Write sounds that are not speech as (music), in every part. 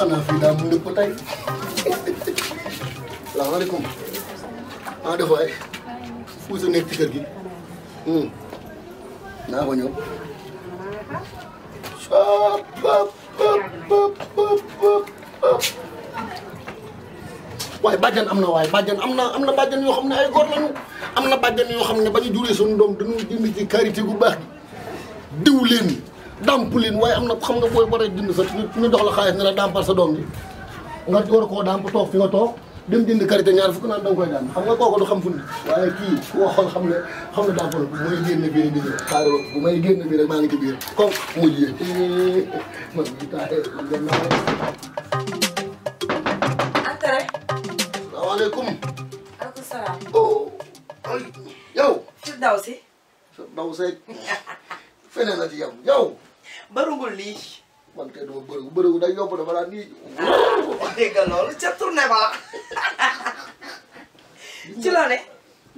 xanaa fii daa mën ko tey salaamaaleykum maa def waay fuusa nekk ci kër gi na ko ñëw waaye bàjjan am na waaye bàjjan amna na am na amna yoo xam ne ay gor lañu amna na yo xamne bañu ne suñu dom dañu dimbi ci carité gu baax diw leen dàmpulin waaye am na xam nga booy war a jënd sa ñu jox la xaalis ne la dàmpal sa doom bi nga war koo dàmp toog fi nga toog dem jënd karité ñaar fukk naan da nga koy daan xam nga kooku du xam fu waaye kii ku waxoon xam ne xam ne dàmpal bu may génn biir di ñëw xaaral may génn biir maa ngi ci biir comme mujj yi man bi taaye dem naa entrée salaamaaleykum aleykum salaam oh yow Firdawsi (laughs) feneen la ci yam yow bërëngul lii. man kay dama bërëngu bërëngu day yomb dama daan nii. (laughs) dégg nga loolu ca tournée ba (laughs) ci la ne.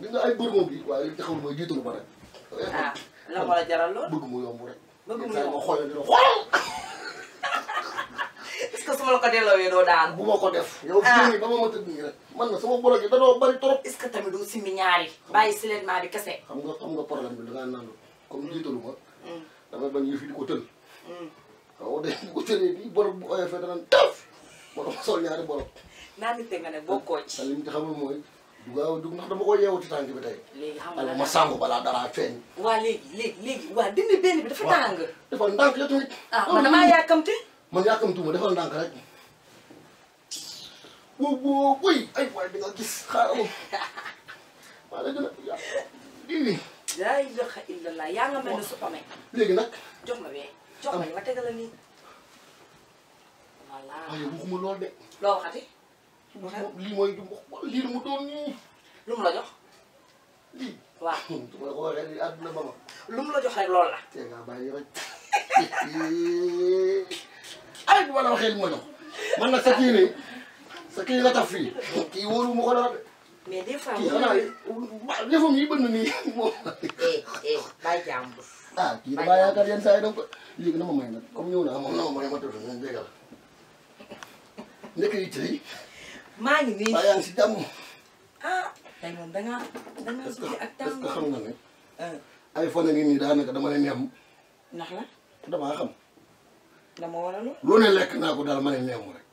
li nga ay bërëngoom bi waaye li taxawul mooy jiitalu ma rek. ah la ma la jaral lool bëgg mu yomb rek. bëgg mu yomb xoolal dina xool. (laughs) est-ce que su ma la ko delloowee doo daan. bu ma ko def. yow fii ah. ba ma ma tëdd nii rek. man na sama borog yi danoo bari trop. est-ce que tamit doo simbi ñaari. bàyyi silent bi kese. xam nga xam nga problème bi dangaa naan comme jiitalu ma. Hmm. damay bañ yëf yi di ko tël. boo dee bu ko jëlee bii borom bu oyofee danañ taf borom sol ñaari borom. naan te nga ne bokkoo ci. du a dugg ndax dama ko yeewati tànk bi tey. léegi ma sàngu balaa dara feeñ. waa léegi léegi léegi waa dindi benn bi dafa tàng. defal ndànk yow tamit. ah man damaa yàkkamti. man yàkkamtuma defal ndànk rek. boo boo koy ay waay di nga gis xaaral (laughs) maa la gën a lii. laa ilaha illallah yaa nga léegi nag. jox ma wee jox ma wee ma tegal la voilà ah, waaye waxuma lool de. loo waxati. lii mooy du lii mu doon nii. lu mu la jox. lii. waaw su (laughs) ma la ko waxee lii àdduna ba ma. lu mu la jox rek loolu la. tey ngaa bàyyi rek (laughs) ay bu ma la waxee li ma jox man nag sa kii nii sa kii la tax fii kii wóolu ma ko dara de. mais des fois. kii xanaa waaw defam yi bëgg na nii (laughs) moom. eh eh bàyyi jàmbur. ah kii damaa yaakaar yenn saa yi donc léegi na ma may nag comme ñëw na ah moom na ma may ma tëdd moom jégal. nekk yi tey. maa ngi nii maa yaa si jàmm. ah tey moom da ak tàmm. est-ce que xam nga ne. ay fan ngi dama leen ñam. ndax la. damaa xam. dama war a lu. lu ne lekk naa ko daal ma ne rek.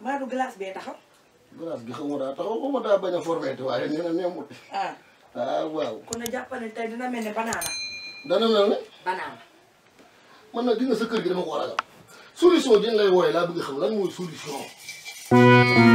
maa du glace bee taxaw. glace bi xam nga daa taxaw xaw ma daa bañ a formé waaye nee na ñamul. ah ah waaw. kon nag jàpp ne tey dina mel ne banaana. dana ne. banaana. man nag gis sa kër gi dama ko war a ragal. 手说手里拿一来不别的，拿木处理去。放。